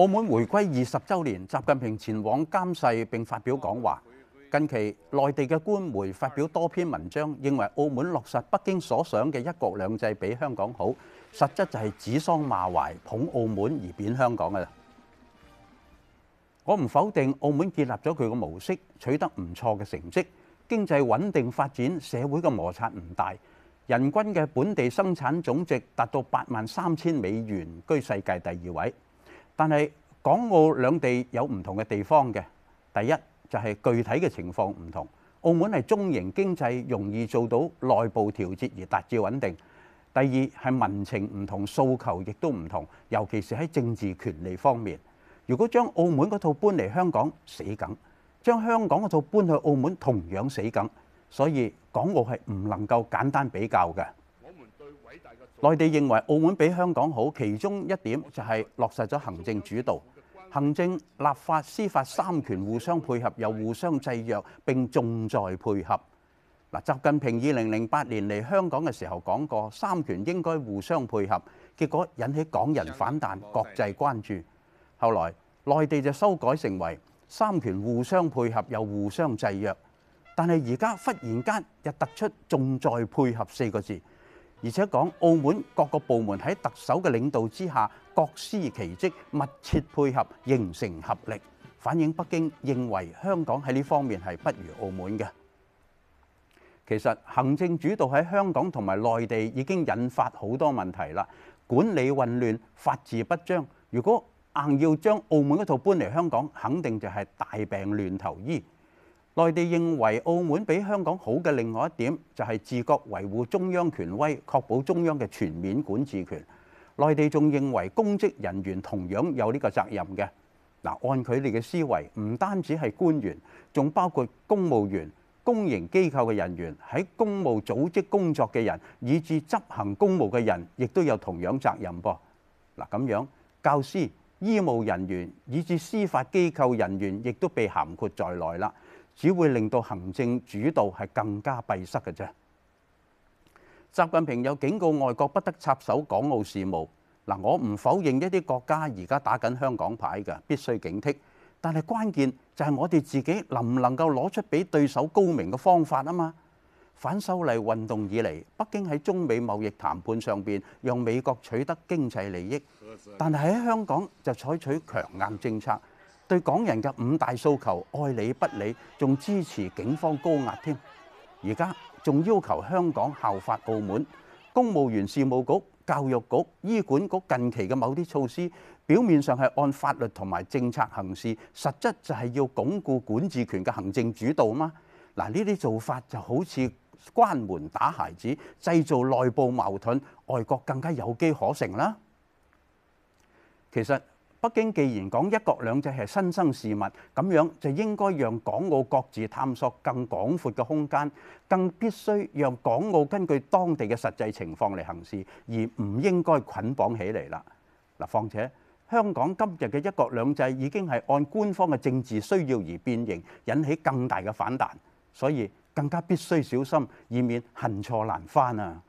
澳門回歸二十週年，習近平前往監誓並發表講話。近期內地嘅官媒發表多篇文章，認為澳門落實北京所想嘅一國兩制比香港好，實質就係指桑罵槐，捧澳門而貶香港嘅啦。我唔否定澳門建立咗佢嘅模式，取得唔錯嘅成績，經濟穩定發展，社會嘅摩擦唔大，人均嘅本地生產總值達到八萬三千美元，居世界第二位。但係港澳兩地有唔同嘅地方嘅，第一就係具體嘅情況唔同。澳門係中型經濟，容易做到內部調節而達至穩定。第二係民情唔同，訴求亦都唔同，尤其是喺政治權利方面。如果將澳門嗰套搬嚟香港，死梗，將香港嗰套搬去澳門，同樣死梗。所以港澳係唔能夠簡單比較嘅。內地認為澳門比香港好，其中一點就係落實咗行政主導，行政、立法、司法三權互相配合又互相制約，並重在配合。嗱，習近平二零零八年嚟香港嘅時候講過三權應該互相配合，結果引起港人反彈、國際關注。後來內地就修改成為三權互相配合又互相制約，但係而家忽然間又突出重在配合四個字。而且講澳門各個部門喺特首嘅領導之下，各司其職，密切配合，形成合力。反映北京認為香港喺呢方面係不如澳門嘅。其實行政主導喺香港同埋內地已經引發好多問題啦，管理混亂，法治不彰。如果硬要將澳門一套搬嚟香港，肯定就係大病亂投醫。內地認為澳門比香港好嘅另外一點就係自覺維護中央權威，確保中央嘅全面管治權。內地仲認為公職人員同樣有呢個責任嘅嗱，按佢哋嘅思維，唔單止係官員，仲包括公務員、公營機構嘅人員、喺公務組織工作嘅人，以至執行公務嘅人，亦都有同樣責任噃嗱。咁樣教師、醫務人員，以至司法機構人員，亦都被涵括在內啦。只會令到行政主導係更加閉塞嘅啫。習近平有警告外國不得插手港澳事務。嗱，我唔否認一啲國家而家打緊香港牌㗎，必須警惕。但係關鍵就係我哋自己能唔能夠攞出畀對手高明嘅方法啊嘛。反修例運動以嚟，北京喺中美貿易談判上面，讓美國取得經濟利益，但係喺香港就採取強硬政策。對港人嘅五大訴求，愛理不理，仲支持警方高壓添。而家仲要求香港效法澳門，公務員事務局、教育局、醫管局近期嘅某啲措施，表面上係按法律同埋政策行事，實質就係要鞏固管治權嘅行政主導嗎？嗱，呢啲做法就好似關門打孩子，製造內部矛盾，外國更加有機可乘啦。其實。北京既然講一國兩制係新生事物，咁樣就應該讓港澳各自探索更廣闊嘅空間，更必須讓港澳根據當地嘅實際情況嚟行事，而唔應該捆綁起嚟啦。嗱，況且香港今日嘅一國兩制已經係按官方嘅政治需要而變形，引起更大嘅反彈，所以更加必須小心，以免恨錯難返啊！